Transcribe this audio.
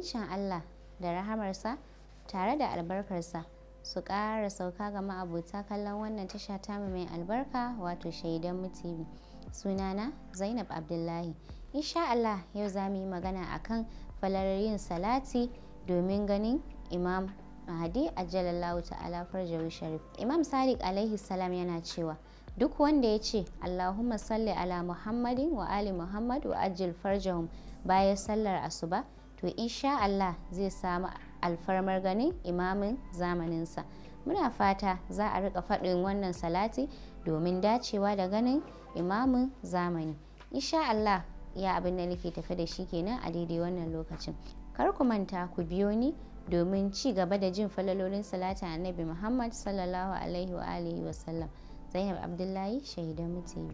Amincin Allah da rahamarsa tare da albarkarsa su ƙara sauka ga ma'abota kallon wannan tasha ta mai albarka wato shaidan suna Sunana Zainab Abdullahi. Insha Allah yau za mu yi magana akan kan yin salati domin ganin Imam Mahadi jalallahu ta'ala farjawi sharif. Imam Sadiq alaihi salam yana cewa duk wanda ya ce Allahumma salli ala Muhammadin wa ali Muhammad wa ajil farjahum bayan sallar asuba to insha Allah zai samu alfarmar ganin imamin zamaninsa muna fata za a rika faɗin wannan salati domin dacewa da ganin imamin zamani insha Allah ya abin da nake tafi da shi kenan a daidai wannan lokacin kar ku manta ku biyo ni domin ci gaba da jin falalolin salata annabi muhammad sallallahu alaihi wa alihi wasallam zainab abdullahi shahidan mutane